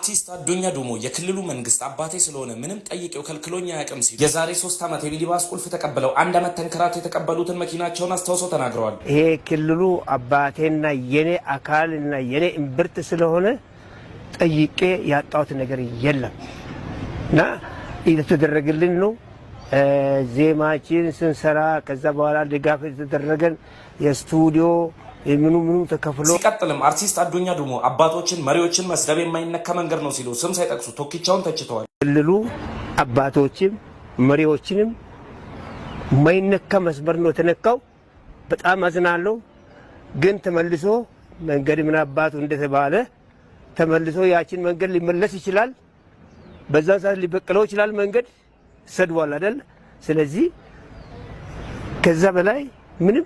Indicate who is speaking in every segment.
Speaker 1: አርቲስት አዶኛ ዱሞ የክልሉ መንግስት አባቴ ስለሆነ ምንም ጠይቄው ከልክሎኛ አያውቅም ሲሉ የዛሬ ሶስት ዓመት የሚኒባስ ቁልፍ ተቀብለው አንድ ዓመት ተንከራቶ የተቀበሉትን መኪናቸውን አስታውሰው ተናግረዋል።
Speaker 2: ይሄ ክልሉ አባቴና የኔ አካልና የኔ እምብርት ስለሆነ ጠይቄ ያጣሁት ነገር የለም እና የተደረግልን ነው ዜማችን ስንሰራ ከዛ በኋላ ድጋፍ የተደረገን የስቱዲዮ ምኑ ምኑ ተከፍሎ
Speaker 1: ሲቀጥልም አርቲስት አዱኛ ዱሞ አባቶችን መሪዎችን መስደብ የማይነካ መንገድ ነው ሲሉ ስም ሳይጠቅሱ ቶኪቻውን ተችተዋል።
Speaker 2: ክልሉ አባቶችም መሪዎችንም የማይነካ መስመር ነው የተነካው። በጣም አዝናለሁ። ግን ተመልሶ መንገድ ምን አባቱ እንደተባለ ተመልሶ ያችን መንገድ ሊመለስ ይችላል። በዛ ሰዓት ሊበቅለው ይችላል። መንገድ ሰድቧል አይደል? ስለዚህ ከዛ በላይ ምንም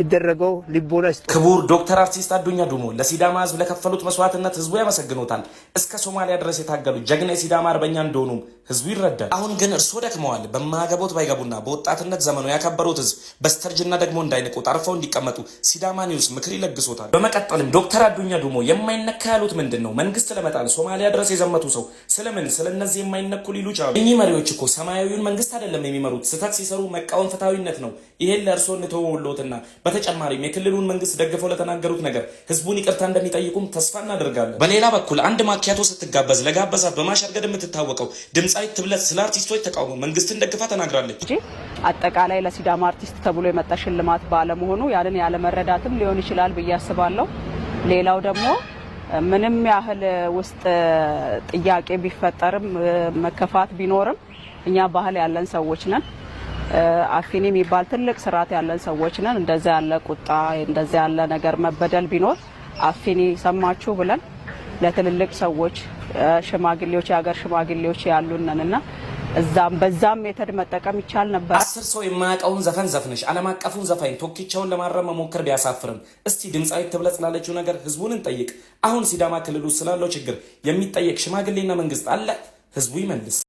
Speaker 2: የሚደረገው ልቦና
Speaker 1: ክቡር ዶክተር አርቲስት አዱኛ ዱሞ ለሲዳማ ህዝብ ለከፈሉት መስዋዕትነት ህዝቡ ያመሰግኖታል። እስከ ሶማሊያ ድረስ የታገሉ ጀግና የሲዳማ አርበኛ እንደሆኑ ህዝቡ ይረዳል። አሁን ግን እርስዎ ደክመዋል። በማያገቦት ባይገቡና በወጣትነት ዘመኑ ያከበሩት ህዝብ በስተርጅና ደግሞ እንዳይንቁት አርፈው እንዲቀመጡ ሲዳማ ኒውስ ምክር ይለግሶታል። በመቀጠልም ዶክተር አዱኛ ዱሞ የማይነካ ያሉት ምንድን ነው? መንግስት ለመጣል ሶማሊያ ድረስ የዘመቱ ሰው ስለምን ስለነዚህ የማይነኩ ሊሉ ቻሉ? እኚህ መሪዎች እኮ ሰማያዊውን መንግስት አይደለም የሚመሩት። ስህተት ሲሰሩ መቃወም ፍትሃዊነት ነው። ይሄን ለእርስዎ እንተወሎትና በተጨማሪም የክልሉን መንግስት ደግፈው ለተናገሩት ነገር ህዝቡን ይቅርታ እንደሚጠይቁም ተስፋ እናደርጋለን። በሌላ በኩል አንድ ማኪያቶ ስትጋበዝ ለጋበዛት በማሸርገድ የምትታወቀው ድምፃዊት ትብለት ስለ አርቲስቶች ተቃውሞ መንግስትን ደግፋ ተናግራለች።
Speaker 3: አጠቃላይ ለሲዳማ አርቲስት ተብሎ የመጣ ሽልማት ባለመሆኑ ያንን ያለመረዳትም ሊሆን ይችላል ብዬ አስባለሁ። ሌላው ደግሞ ምንም ያህል ውስጥ ጥያቄ ቢፈጠርም መከፋት ቢኖርም እኛ ባህል ያለን ሰዎች ነን። አፊኒ የሚባል ትልቅ ስርዓት ያለን ሰዎች ነን። እንደዛ ያለ ቁጣ፣ እንደዛ ያለ ነገር መበደል ቢኖር አፊኒ ሰማችሁ ብለን ለትልልቅ ሰዎች ሽማግሌዎች፣ የሀገር ሽማግሌዎች ያሉነን እና እዛም በዛም ሜተድ መጠቀም ይቻል ነበር።
Speaker 1: አስር ሰው የማያውቀውን ዘፈን ዘፍነሽ ዓለም አቀፉን ዘፋኝ ቶኪቻውን ለማረም መሞከር ቢያሳፍርም እስቲ ድምፃዊ ትብለጽ ላለችው ነገር ህዝቡን እንጠይቅ። አሁን ሲዳማ ክልል ውስጥ ስላለው ችግር የሚጠየቅ ሽማግሌና መንግስት አለ። ህዝቡ ይመልስ።